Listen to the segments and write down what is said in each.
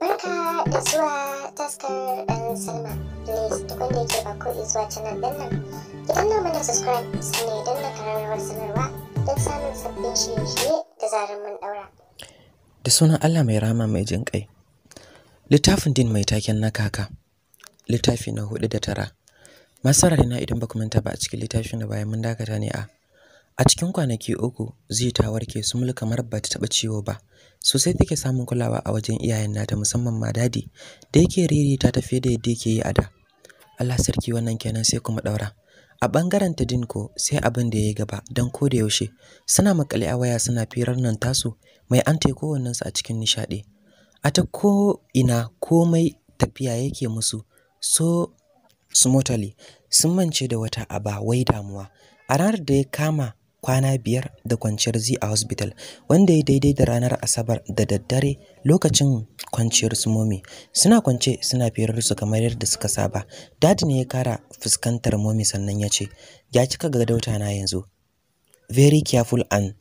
barka da zuwa taskar dan eh, salma please duk wanda yake bako izuwa zuwa canal din nan idan na mana subscribe sannan idan danna kararrawar sanarwa don samun sabbin shirye-shirye da zarar mun daura da sunan allah mai rama mai jin kai littafin din mai taken na kaka littafi na hudu da tara masarar na idan ba ku manta ba a cikin littafin da bayan mun dakata ne a a cikin kwanaki uku zai ta warke sumul kamar ba ta taɓa ciwo ba sosai take samun kulawa a wajen iyayen nata musamman ma dadi da yake riri ta tafi da yadda yake yi a da Allah sarki wannan kenan sai kuma daura a bangaren ta dinko sai abin da yayi gaba dan ko da yaushe suna makale a waya suna firar nan tasu mai ante kowannen su a cikin nishadi a ta ko ina komai tafiya yake musu so smoothly sun mance da wata aba wai damuwa a ranar da ya kama kwana biyar da kwanciyar zi a hospital wanda ya daidai da ranar asabar da daddare lokacin kwanciyar su momi suna kwance suna firar su kamar yadda suka saba dadi ne ya kara fuskantar momi sannan ya ce ya cika ga dauta na yanzu very careful and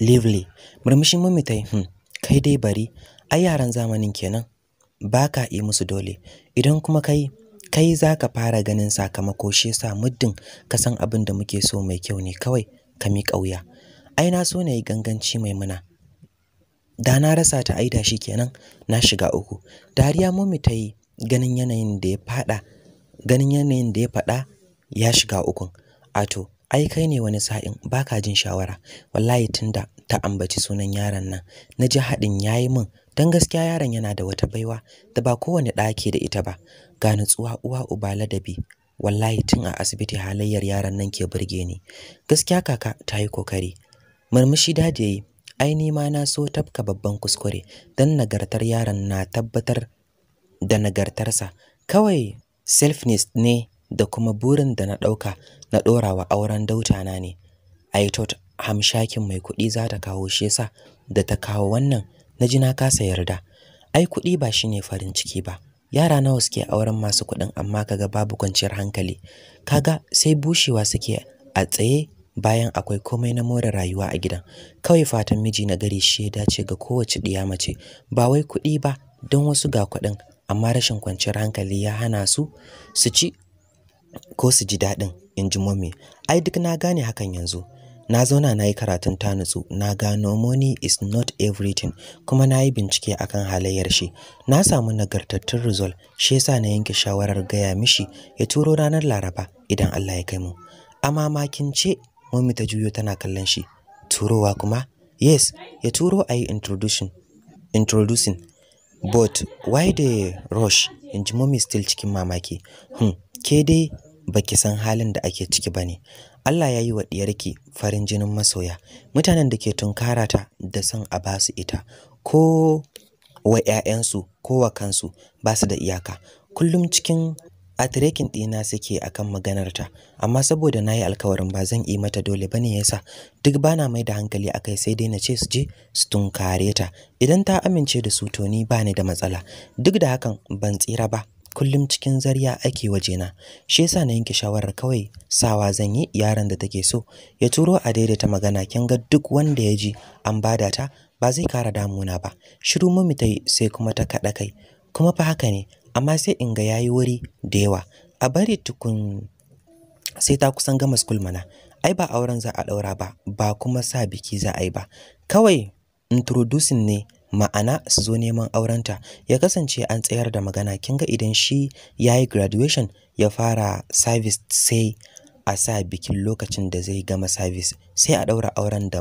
lively murmushin momi ta yi hmm. kai dai bari ai yaran zamanin kenan ba ka yi musu dole idan kuma kai kai za ka fara ganin sakamako shi yasa muddin kasan san abin da muke so mai kyau ne kawai kami miƙa wuya ai na so na yi ganganci muna. da na rasa ta aida shi kenan na shiga uku dariya mummy ta yi ganin yanayin da ya fada ganin yanayin da ya fada ya shiga ukun ato ai kai ne wani sa'in baka jin shawara wallahi tunda ta ambaci sunan yaron nan na ji haɗin yayi min don gaskiya yaron yana da wata baiwa da ba kowane ɗa ke da ita ba ga nutsuwa uwa uba ladabi wallahi tun a asibiti halayyar yaran nan ke burge ni gaskiya kaka ta yi kokari murmushi dadi yayi ai ni ma na so tafka babban kuskure dan nagartar yaran na tabbatar da nagartarsa kawai selfness ne da kuma burin da na ɗauka na ɗorawa auren dauta na ne ai tot hamshakin mai kuɗi za ta kawo shi da ta kawo wannan na ji na kasa yarda ai kuɗi ba shine farin ciki ba yara nawa suke auren masu kuɗin amma kaga babu kwanciyar hankali kaga sai bushewa suke a tsaye bayan akwai komai na more rayuwa a gidan kawai fatan miji na gari shi ya dace ga kowace ɗiya mace ba wai kuɗi ba don wasu ga kuɗin amma rashin kwanciyar hankali ya hana su su ci ko su ji daɗin in ji mummy ai duk na gane hakan yanzu na zauna na yi karatun ta nutsu na ga money is not everything kuma na yi bincike kan halayyar shi na samu nagartattun result shi yasa na yanke shawarar gaya mishi ya turo ranar laraba idan Allah ya kai mu amma ce, mummy ta juyo tana kallon shi turowa kuma yes ya turo a yi introduction introducing but why the rush in ji still cikin mamaki hmm ke dai baki san halin da ake ciki bane Allah ya yi wa diyarki farin jinin masoya, mutanen da ke tunkara ta da san a ba su ita, ko wa 'ya'yansu ko wa kansu ba su da iyaka. Kullum cikin atirekin ɗina suke akan maganar ta amma saboda na yi alkawarin ba zan yi mata dole ba yasa duk bana mai da hankali akai sai dai na ce su je su tunkare ta, idan ta amince da su to ni ba ni da matsala, duk da hakan ban tsira ba. kullum cikin zarya ake wajena shi yasa na yanke shawarar kawai sawa zan yi yaron da take so ya turo a daidaita magana kin ga duk wanda ya ji an bada ta ba zai kara damuna ba shiru mami ta yi sai kuma ta kaɗa kai kuma fa haka ne amma sai in ga yayi wuri da yawa a bari tukun sai ta kusan gama school mana ai ba auren za a ɗaura ba ba kuma sa biki za a yi ba kawai introducing ne ma'ana su zo neman aurenta ya kasance an tsayar da magana kin ga idan shi ya yi graduation ya fara service sai a sa bikin lokacin da zai gama service sai a ɗaura auren da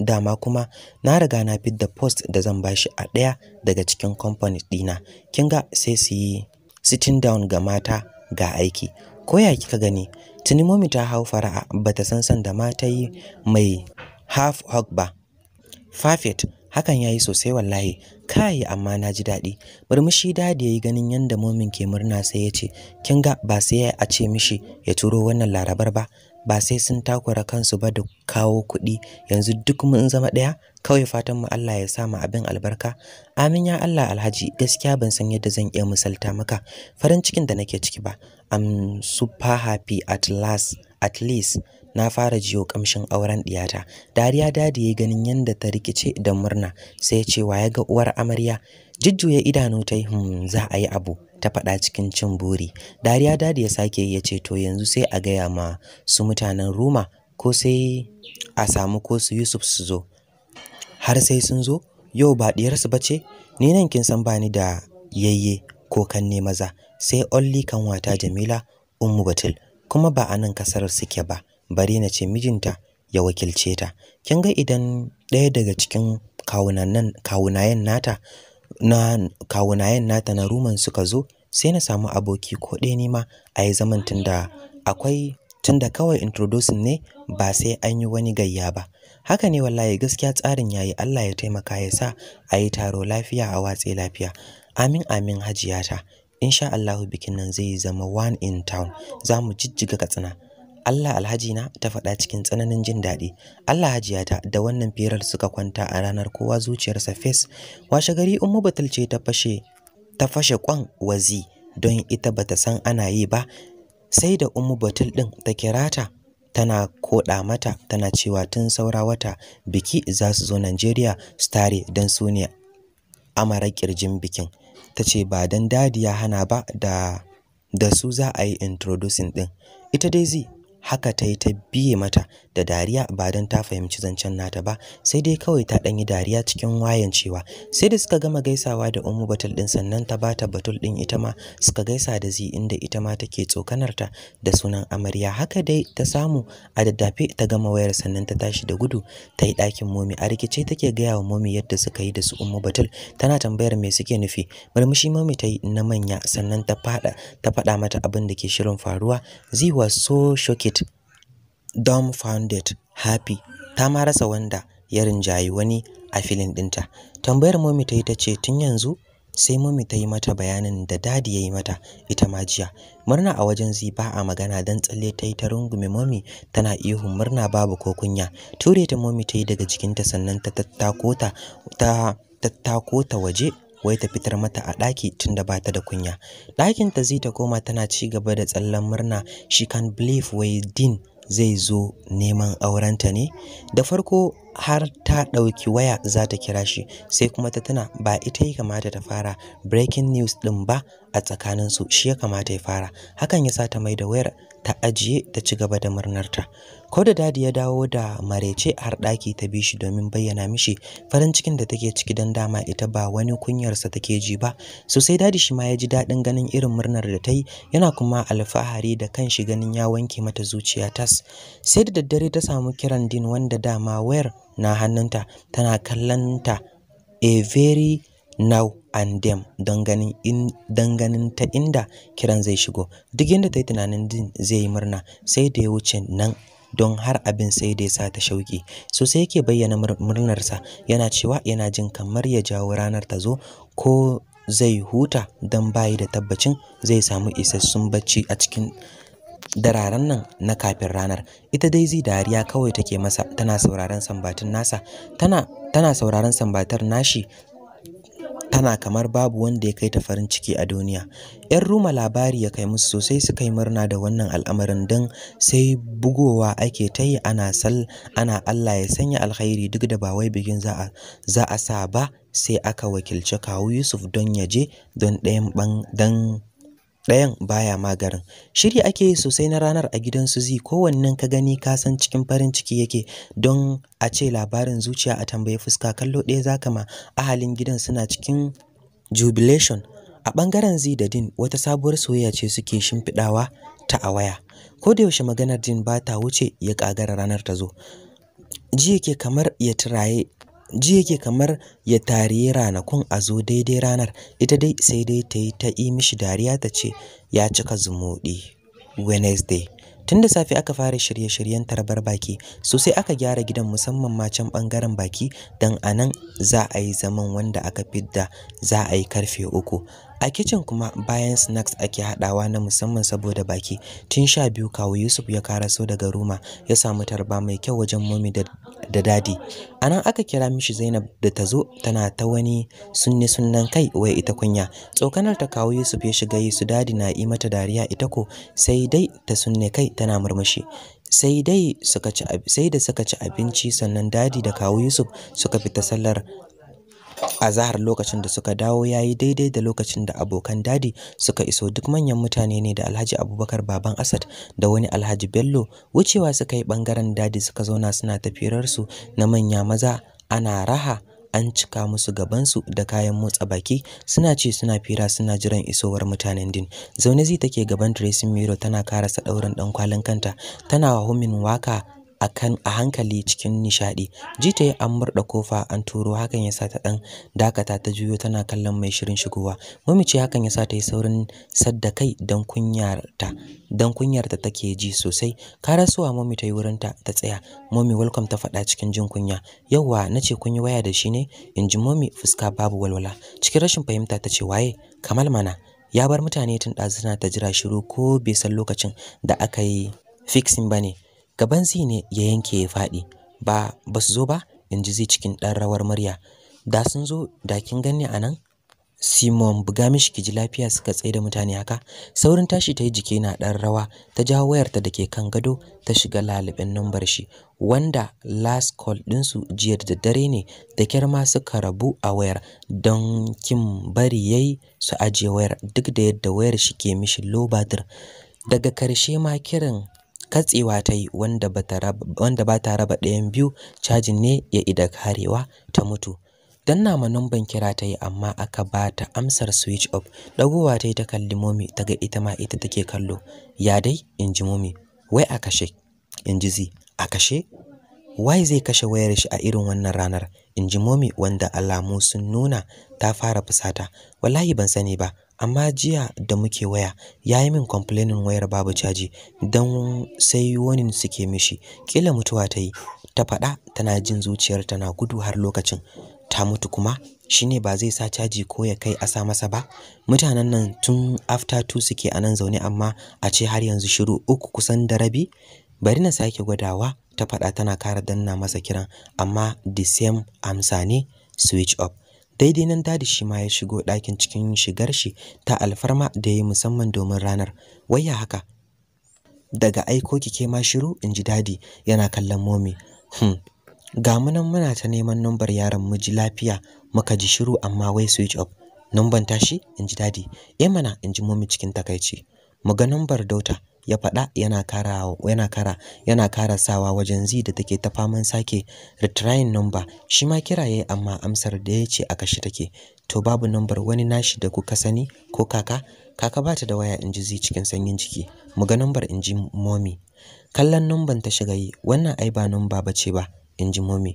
dama kuma na riga na fit da post da zan bashi a ɗaya daga cikin company ɗina kin ga sai su yi sitting down ga mata ga aiki ko ya kika gani tuni momi ta hau fara'a bata san san da mata yi mai half hog ba Fafet hakan yayi sosai wallahi kai amma na ji daɗi murmushi dadi yayi ganin yanda momin ke murna sai ya ce kin ga ba sai a ce mishi ya turo wannan larabar ba ba sai sun takura kansu ba da kawo kuɗi yanzu duk mun zama ɗaya kawai fatan mu Allah ya sa mu abin albarka amin ya Allah alhaji gaskiya ban san yadda zan iya misalta maka farin cikin da nake ciki ba i'm super happy at last at least na fara jiyo kamshin auren diyata dariya dadi yayi ganin yanda ta rikice da murna sai ya ce ya ga uwar amarya jijjuye idanu ta yi hmm za a yi abu ta faɗa cikin cin buri dariya dadi ya sake ya ce to yanzu sai a gaya ma su mutanen roma ko sai a samu ko su yusuf su zo har sai sun zo yau ba diyarsu ba ce ni nan kin san bani da yayye ko kanne maza sai olli kanwata jamila ummu batul kuma ba a nan kasar suke ba bari na ce mijinta ya wakilce ta kin ga idan ɗaya daga cikin kawunan kawunayen nata na kawunayen nata na ruman suka zo sai na samu aboki ko ɗaya ne ma a yi zaman tunda akwai tunda kawai introducing ne ba sai an yi wani gayya ba haka ne wallahi gaskiya tsarin yayi Allah ya taimaka ya sa a yi taro lafiya a watse lafiya amin amin hajiyata insha Allah bikin nan zai zama one in town za mu jijjiga katsina Allah alhaji na ta faɗa cikin tsananin jin daɗi. Allah hajiyata da wannan firar suka kwanta a ranar kowa zuciyarsa fes. Washe gari Ummu Batul ce ta fashe ta fashe kwan wazi don ita bata san ana yi ba. Sai da Ummu Batul din ta kira tana koɗa mata tana cewa tun saura wata biki za su zo Najeriya su tare don su ne amara kirjin bikin. Ta ce ba dan dadi ya hana ba da da su za a yi introducing din. Ita dai zai. haka ta yi ta biye mata da dariya ba don ta fahimci zancen nata ba sai dai kawai ta ɗanyi dariya cikin wayan cewa sai da suka gama gaisawa da umu batul ɗin sannan ta bata batul ɗin ita ma suka gaisa da zi inda ita ma take tsokanarta da sunan amarya haka dai ta samu a daddafe ta gama wayar sannan ta tashi da gudu ta yi ɗakin momi a rikice take gaya wa momi yadda suka yi da su umu batul tana tambayar me suke nufi murmushi momi ta yi na manya sannan ta faɗa ta faɗa mata abin da ke shirin faruwa zi was so shocked dumbfounded Happy ta ma rasa wanda ya rinjayi wani a filin ɗinta. Tambayar momi ta yi ta ce tun yanzu sai momi ta yi mata bayanin da dadi ya yi mata ita ma jiya. Murna a wajen zi ba a magana don tsalle ta yi ta rungume momi tana ihun murna babu ko kunya. Ture ta momi ta yi daga jikinta sannan ta tattako ta ta waje wai ta fitar mata a ɗaki tun da bata da kunya. Ɗakin ta zai ta koma tana ci gaba da tsallan murna she can believe wai din. zai zo neman aurenta ne da farko har ta ɗauki waya za ta kira shi sai kuma ta tana ba ita ya kamata ta fara breaking news ɗin ba a tsakaninsu shi ya kamata ya fara hakan ya sa ta mai da wayar ta ajiye ta ci gaba da murnarta ko da dadi ya dawo da marece har ɗaki ta bi shi domin bayyana mishi farin cikin da take ciki don dama ita ba wani kunyarsa take ji ba sosai dadi shi ma ya ji daɗin ganin irin murnar da ta yi yana kuma alfahari da kan shi ganin ya wanke mata zuciya tas sai da daddare ta samu kiran din wanda dama wayar na hannunta tana kallonta a very now and them don ganin in don ganin ta inda kiran zai shigo duk inda ta yi tunanin din zai yi murna sai da ya wuce nan don har abin sai da ya sa ta shauki so sai yake bayyana murnarsa yana cewa yana jin kamar ya jawo ranar ta zo ko zai huta don bayi da tabbacin zai samu isassun bacci a cikin dararen nan na kafin ranar ita dai zai dariya kawai take masa tana sauraron sambatin nasa tana tana sauraron sambatar nashi tana kamar babu wanda ya kai ta farin ciki a duniya. 'Yan ruma labari ya kai musu sosai suka yi murna da wannan al'amarin don sai bugowa ake ta yi ana sal ana Allah ya sanya alkhairi duk da ba wai bikin za a sa ba sai aka wakilci kawu Yusuf don ya je don ɗayan ban don ɗayan baya ma garin shiri ake yi sosai na ranar a gidan su zi kowannen ka gani ka san cikin farin ciki yake don a ce labarin zuciya a tambayi fuska kallo ɗaya zaka ma ahalin gidan suna cikin jubilation a ɓangaren zi da din wata sabuwar soyayya ce suke shimfiɗawa ta a waya ko da yaushe maganar din ba ta wuce ya ƙagara ranar ta zo ji yake kamar ya tiraye ji yake kamar ya tariye ranakun a zo daidai ranar ita dai sai dai ta yi ta yi mishi dariya ta ce ya cika zumuɗi wednesday tun da safe aka fara shirye-shiryen tarbar baki sosai aka gyara gidan musamman ma can bangaren baki don anan za a yi zaman wanda aka fidda za a yi karfe uku A kicin kuma bayan snacks ake haɗawa na musamman saboda baki. Tun sha biyu kawu Yusuf ya karaso daga Roma ya samu tarba mai kyau wajen mami da dadi. A nan aka kira mishi Zainab da ta zo tana ta wani sunne sunnan kai wai ita kunya. Tsokanar ta kawu Yusuf ya shiga yi su dadi na yi mata dariya ita ko sai dai ta sunne kai tana murmushi. sai da suka ci abinci sannan dadi da kawu Yusuf suka fita sallar azahar lokacin da suka dawo ya yi daidai da lokacin da abokan dadi suka iso duk manyan mutane ne da Alhaji Abubakar baban Asad da wani Alhaji Bello wucewa suka yi bangaren dadi suka zauna suna tafirarsu na manya maza ana raha an cika musu gabansu da kayan motsa baki suna ce suna fira suna jiran isowar mutanen din zaune zai take gaban dressing mirror tana karasa ɗaurin ɗan kwalin kanta tana wahumin waka Akan a hankali cikin nishaɗi. Ji ta yi an murda kofa an turo hakan yasa ta ɗan dakata ta juyo tana kallon mai shirin shigowa. Mummy ce hakan yasa ta yi saurin sadda kai don kunyarta kunyar ta take ji sosai. Karasuwa mami ta yi wurinta ta tsaya. mami welcome ta faɗa cikin jin kunya. Yawwa na ce kun yi waya da shi ne? In ji fuska babu walwala. Cikin rashin fahimta ta ce waye? Kamal mana. Ya bar mutane tun ɗazuna ta jira shiru ko bai san lokacin da aka yi fixing bane gaban zi ne ya yanke ya faɗi ba ba su zo ba in ji zai cikin ɗan rawar murya da sun zo da kin ganni a nan Simon buga mishi kiji lafiya suka tsaye da mutane haka saurin tashi ta yi jiki na ɗan rawa ta jawo wayarta da ke kan gado ta shiga lalubin nambar shi wanda last call su jiya da dare ne da kyar ma suka rabu a wayar don kin bari yayi su ajiye wayar duk da yadda wayar shi ke mishi low daga karshe ma kiran katsewa ta yi wanda ba ta raba ɗayan biyu cajin ne ya ida karewa ta mutu Dan nama numban kira ta yi amma aka ba ta amsar switch off ɗagowa ta yi ta kalli momi ta ga ita ma ita take kallo ya dai in ji momi wai a kashe in ji zi a kashe wai zai kashe wayar shi a irin wannan ranar in ji momi wanda alamu sun nuna ta fara fusata wallahi ban sani ba Amma jiya da muke waya ya yi min complaining wayar babu caji don sai warning suke mishi. kila mutuwa ta yi, ta faɗa tana jin zuciyar tana gudu har lokacin. Ta mutu kuma shi ne ba zai sa caji ko ya kai a sa masa ba. Mutanen nan tun after two suke a nan zaune amma a ce har yanzu shiru uku kusan da rabi. Bari na sake gwadawa ta faɗa tana kara danna masa kiran amma the same amsa ne switch off. daidai nan dadi shi ma ya shigo ɗakin cikin shigar shi ta alfarma da ya yi musamman domin ranar waya haka daga aiko kike ma shiru in ji dadi yana kallon momi hmm. ga mu muna ta neman nambar yaron muji lafiya muka ji shiru amma wai switch off numban tashi in ji dadi eh mana, in ji momi cikin takaici mu ga nambar dauta ya faɗa yana kara yana kara yana kara sawa wajen zi da take ta faman sake retrying number shi ma kiraye amma amsar da ya ce a kashe take to babu number wani nashi da kuka sani ko kaka kaka bata da waya inji zi cikin sanyin jiki mu ga number inji mommy kallon numban ta shiga yi wannan ai ba number bace ba inji mommy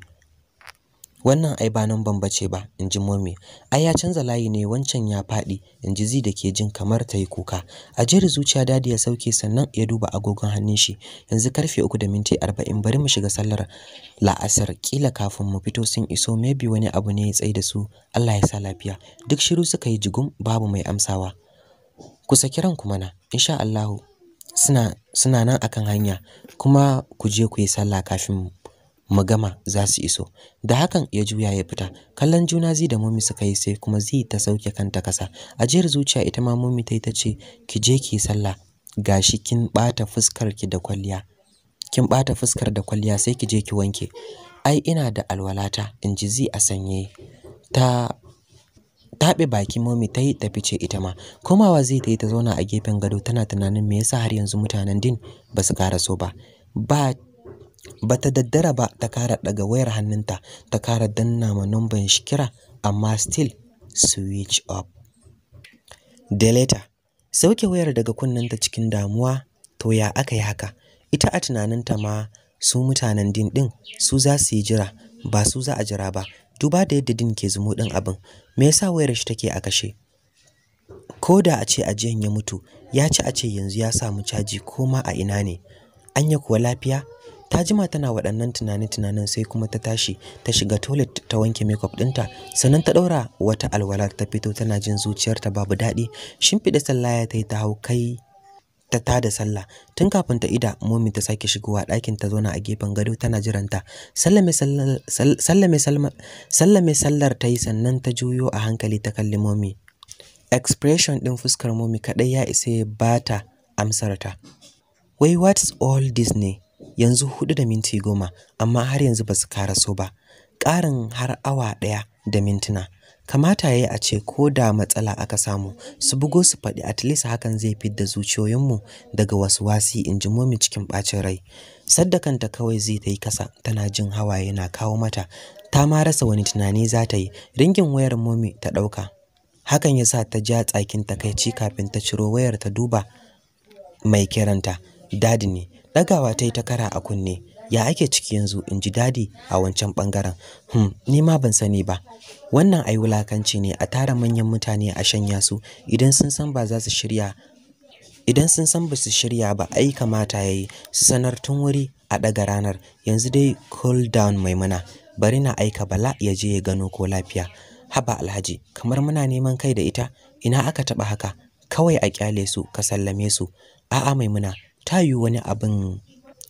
wannan ai ba nan bambace ba in ji mommy ai ya canza layi ne wancan ya faɗi in ji zi da ke jin kamar ta yi kuka a jere zuciya dadi ya sauke sannan ya duba agogon hannun shi yanzu karfe uku da minti arba'in bari mu shiga sallar la'asar kila kafin mu fito sun iso maybe wani abu ne ya tsai da su Allah ya sa lafiya duk shiru suka yi jigum babu mai amsawa ku saki ranku mana insha Allah suna suna nan akan hanya kuma ku je ku yi sallah kafin mu mu gama za su iso da hakan ya juya ya fita kallon juna zai da mummi suka yi sai kuma zai ta sauke kanta kasa ajiyar zuciya ita ma mummi ta yi ta ce ki je ki sallah gashi kin bata fuskar ki da kwalliya kin bata fuskar da kwalliya sai ki je ki wanke ai ina da alwalata inji zi a sanye ta taɓe baki momi ta yi tafi ce ita ma komawa zai ta yi ta zauna a gefen gado tana tunanin me yasa har yanzu mutanen din ba su ƙara so ba ba Ba ta daddara ba ta kara daga wayar hannunta ta kara danna ma numban shi kira amma still switch up Deleta. Sauke wayar daga kunnenta cikin damuwa to ya aka yi haka? Ita a tunaninta ma su mutanen din din su za su yi jira ba su za a jira ba. Duba da yadda din ke zumo din abin. Me yasa wayar shi take a kashe? Ko da a ce ajiyan ya mutu, ya ci a ce yanzu ya samu caji koma a ina ne. Anya kuwa lafiya? ta jima tana waɗannan tunanin tunanin sai kuma ta tashi ta shiga toilet ta wanke makeup ɗinta sannan ta ɗaura wata alwala ta fito tana jin zuciyarta babu daɗi shimfiɗa ya ta yi ta hau kai ta tada sallah tun kafin ta ida momi ta sake shigowa ɗakin ta zauna a gefen gado tana jiranta sallame sallar ta yi sannan ta juyo a hankali ta kalli momi expression ɗin fuskar momi kaɗai ya isa ya ta amsarta wai what's all this ne yanzu hudu da minti goma amma har yanzu ba su karaso ba ƙarin har awa ɗaya da mintuna kamata ya yi a ce ko da matsala aka samu su bugo su faɗi at least hakan zai fidda zuciyoyinmu daga wasu wasi in ji momi cikin ɓacin rai Sadda kanta kawai zai ta yi kasa tana jin hawaye na kawo mata ta ma rasa wani tunani za ta yi ringin wayar momi ta ɗauka hakan ya sa ta ja tsakin takaici kafin ta ciro wayar ta duba mai kiranta dadi ne Ɗagawa ta yi ta kara a kunne. Ya ake ciki yanzu in ji dadi a wancan bangaren Hmm, ni ma ban sani ba. Wannan ai wulakanci ne a tara manyan mutane a shanya su idan sun san ba za su shirya idan sun san ba su shirya ba ai kamata ya yi su sanar tun wuri a ɗaga ranar yanzu dai cool down maimuna bari na aika bala ya je ya gano ko lafiya haba alhaji kamar muna neman kai da ita ina aka taɓa haka kawai a kyale su ka sallame su a'a maimuna ta yi wani abin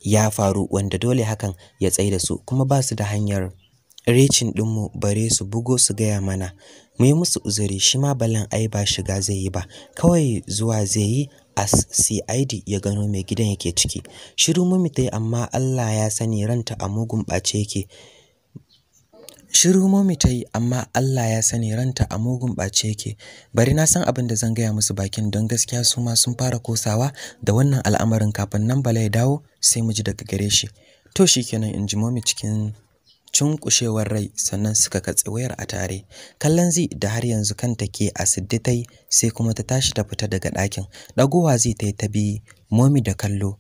ya faru wanda dole hakan ya da su kuma ba su da hanyar recin ɗinmu bare su bugo su gaya mana mu yi musu uzuri shi ma balan ai ba shiga zai yi ba kawai zuwa zai yi a CID ya gano mai gidan yake ciki shiru mummy tayi amma Allah ya sani ranta a mugun ɓace yake Shiru momi ta yi amma Allah ya sani ranta a mugun ɓace yake. Bari na san abin da zan gaya musu bakin don gaskiya su ma sun fara kosawa da wannan al'amarin kafin nan bala ya dawo sai mu ji daga gare shi. To shikenan in ji momi cikin cunkushewar rai sannan suka katse wayar a tare. Kallon zi da har yanzu kanta ke a sidditai sai kuma ta tashi ta fita daga ɗakin. Ɗagowa zai ta yi ta bi momi da kallo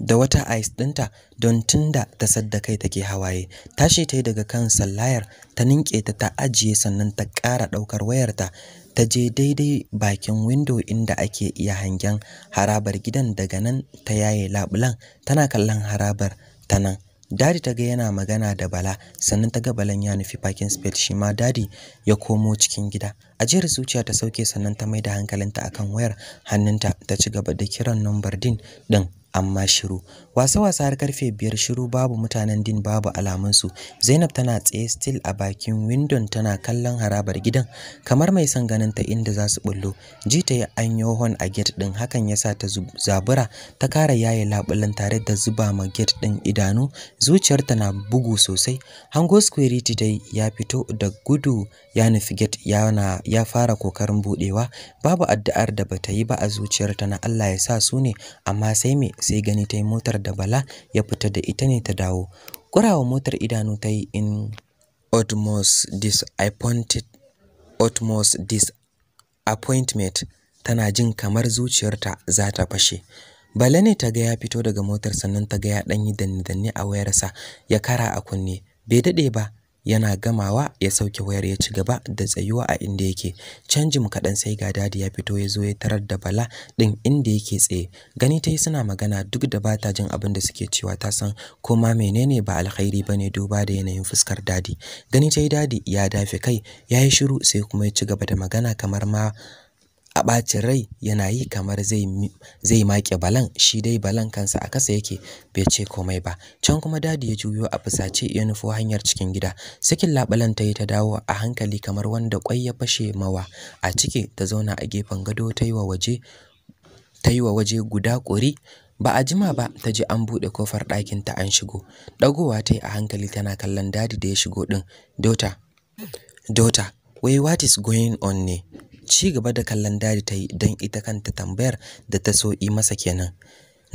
da wata ice ɗinta don tunda ta sadda kai take hawaye tashi ta yi daga kan sallayar ta ninke ta ta ajiye sannan ta ƙara ɗaukar wayarta ta je daidai bakin windo inda ake iya hangen harabar gidan daga nan ta yaye labulan tana kallon harabar ta nan dadi ta ga yana magana da bala sannan ta ga balan ya nufi parking space shi ma dadi ya komo cikin gida ajiyar zuciya ta sauke sannan ta maida hankalinta akan wayar hannunta ta ci gaba da kiran number din din amma shiru wasa wasa har karfe biyar shiru babu mutanen din babu alamunsu zainab tana tsaye still a bakin windon tana kallon harabar gidan kamar mai son ganin ta inda za su bullo ji ta yi an a gate din hakan yasa ta zabura ta kara yaye labulan tare da zuba ma gate din idanu zuciyarta na bugu sosai hango security dai ya fito da gudu ya nufi gate yana ya fara kokarin budewa babu addu'ar da bata yi ba a zuciyarta na Allah ya sa su ne amma sai me sai gani ta yi motar da bala ya fita da ita ne ta dawo ƙurawa motar idanu ta yi in utmost disappointed utmost disappointment tana jin kamar zuciyarta za ta fashe bala ne ta ga ya fito daga motar sannan ta gaya ya ɗan yi danne a wayarsa ya kara a kunne bai daɗe ba yana gamawa ya sauke wayar ya ci gaba da tsayuwa a inda yake canjin kaɗan sai ga dadi ya fito ya zo ya tarar da bala ɗin inda yake tsaye gani ta yi suna magana duk da ba ta jin abin da suke cewa ta san ko ma menene ba alkhairi ba ne duba da yanayin fuskar dadi gani ta yi dadi ya dafe kai ya yi shiru sai kuma ya ci gaba da magana kamar ma a ɓacin rai yana yi kamar zai zai maƙe balan shi dai balan kansa a kasa yake bai ce komai ba can kuma dadi ya juyo a fusace ya nufo hanyar cikin gida sakin labalan ta yi ta dawo a hankali kamar wanda kwai ya fashe mawa a ciki ta zauna a gefen gado ta yi wa waje guda ƙuri ba a jima ba ta ji an buɗe kofar ɗakin ta an shigo ɗagowa ta yi a hankali tana kallon dadi da ya shigo ɗin dota dota wai what is going on ne ci gaba da kallon dadi ta yi don ita kanta tambayar da ta so yi masa kenan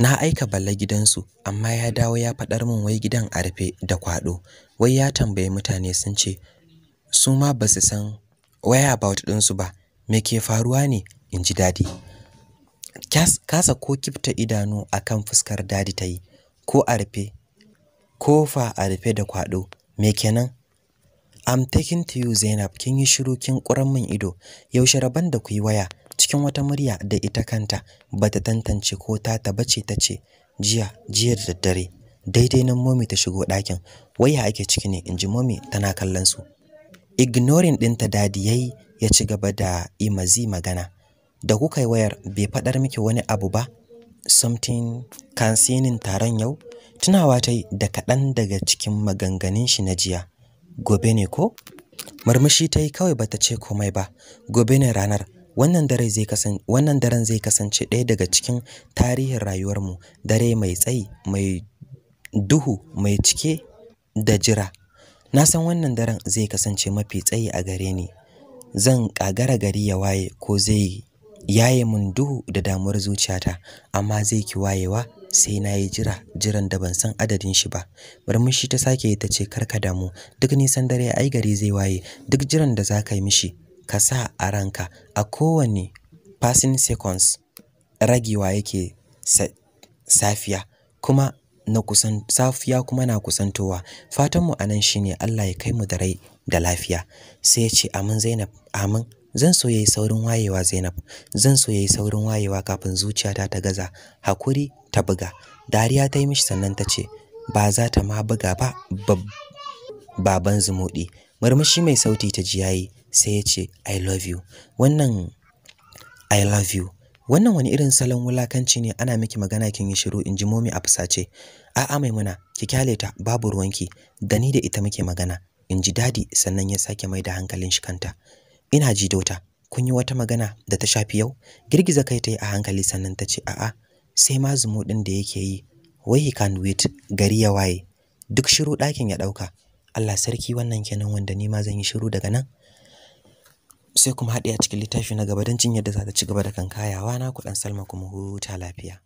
na aika balla gidansu amma ya dawo ya faɗar min wai gidan a rufe da kwaɗo wai ya tambayi mutane sun ce su ma ba su san waya wata ɗinsu ba me ke faruwa ne in ji dadi kasa ko kifta idanu a kan fuskar dadi ta yi ko a rufe kofa a rufe da kwaɗo me kenan I'm taking to you Zainab kin yi shiru kin ƙuran min ido yaushe rabon da ku yi waya cikin wata murya da ita kanta ba ta tantance ko ta taba ce ce, jiya jiya da daddare daidai nan mommy ta shigo ɗakin waya ake ciki ne inji mommy tana kallon su ignoring ɗinta dadi yayi ya ci gaba da imazi magana da kuka yi wayar bai faɗar miki wani abu ba something sinin taron yau tunawa ta yi da kaɗan daga cikin maganganun shi na jiya gobe ne ko murmushi ta yi kawai bata ce komai ba gobe ne ranar wannan daren zai kasance ɗaya daga cikin tarihin rayuwarmu dare mai tsayi mai duhu mai cike da jira na san wannan daren zai kasance mafi tsayi a gare ni zan kagara gari ya waye ko zai yaye mun duhu da damuwar zuciyata amma zai ki wayewa sai na yi jira jiran da ban san adadin shi ba murmushi ta sake ta ce ka damu duk nisan dare ai gari zai waye duk jiran da za ka yi mishi ka sa a ranka a kowane passing seconds ragewa yake sa, safiya kuma na kusan safiya kuma na kusantowa fatanmu anan shine Allah ya kai mu da rai da lafiya sai ya ce amin Zainab amin zan so yayi saurin wayewa Zainab zan so yayi saurin wayewa kafin zuciyata ta gaza hakuri ta buga dariya ta yi mishi sannan ta ce ba za ta ma buga ba baban zumuɗi murmushi mai sauti ta ji yayi sai ya ce i love you wannan i love you wannan wani irin salon wulakanci ne ana miki magana kin yi shiru in ji momi a fusace a'a maimuna ki kyale ta babu ruwanki da ni da ita muke magana in ji dadi sannan ya sake mai da hankalin shi kanta ina ji dota kun yi wata magana da ta shafi yau girgiza kai ta yi a hankali sannan ta ce a'a sai ma din da yake yi wai he can wait gari ya waye duk shiru ɗakin ya ɗauka Allah sarki wannan kenan wanda ni ma zan yi shiru daga nan sai kuma haɗe a cikin littafi na gaba don jinyar da za ta ci gaba da kankayawa na kuɗan salma kuma huta lafiya